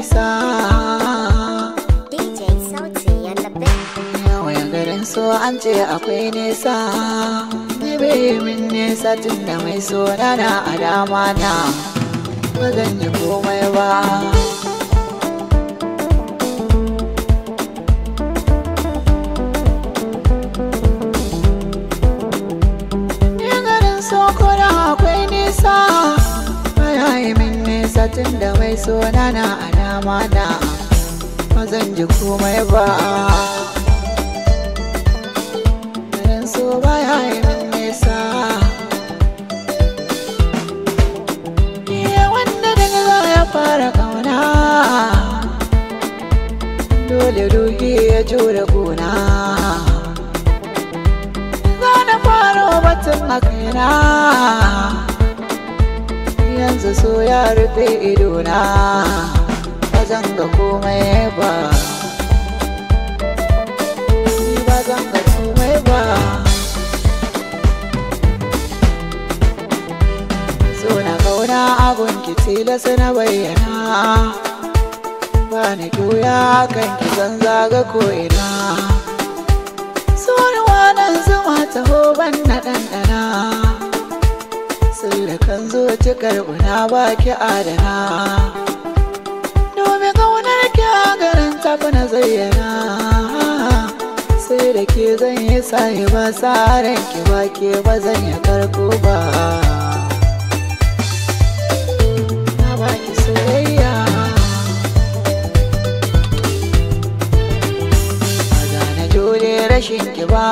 nesa DJ Sauti garin so an ce akwai nesa Bebe min nesa tun da mai so na a dama na Ba zan yi komai ba satin da mai sona na alama na zan ji komai ba Garin so baya yi min nesa Iya wanda da za ya fara kauna Dole ruhi ya jure ko yanzu so ya rufe idona ba zan ga komai ba ba zan ga komai ba so na kauna abun ki tilasa na bayyana ba ni doya kan ki zan zaga ko'ina so na wanan zuma taho ban na da kan zo ta karbuna ba ki adana domin kaunar ki a garin tafi na zayyana sai da ke zan yi sahi ba tsarin ki ba ke ba zan yi karko ba na rashin ba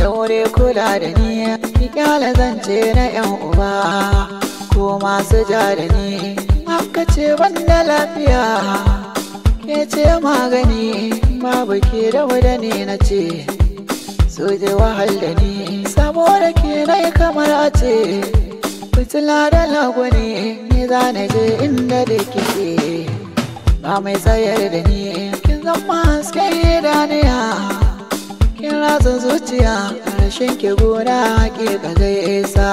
daure kula da ni ki kyala zance na yan uba ko masu ja da ni haka ce banda lafiya ke ce magani babu ke da wada ne na ce so je wahal da ni saboda ke na kamar a ce fitila da laguni. ni za na je inda da kike ba mai tsayar da ni kin zama haske da daniya? kin ratsa zuciya rashin ke gona ke ka zai isa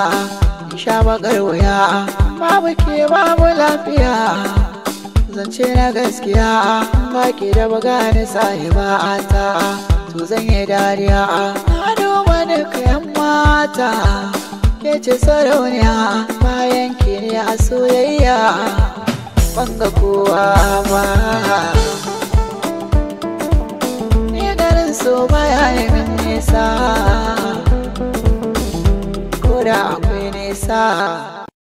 sha bakar wuya babu ke babu lafiya zance na gaskiya ba ki da buga da sahiba ta to zan yi dariya na duba duka yan mata ke ce sarauniya bayan ke ne a soyayya ban kowa ba so baya yi min nisa ko da akwai nisa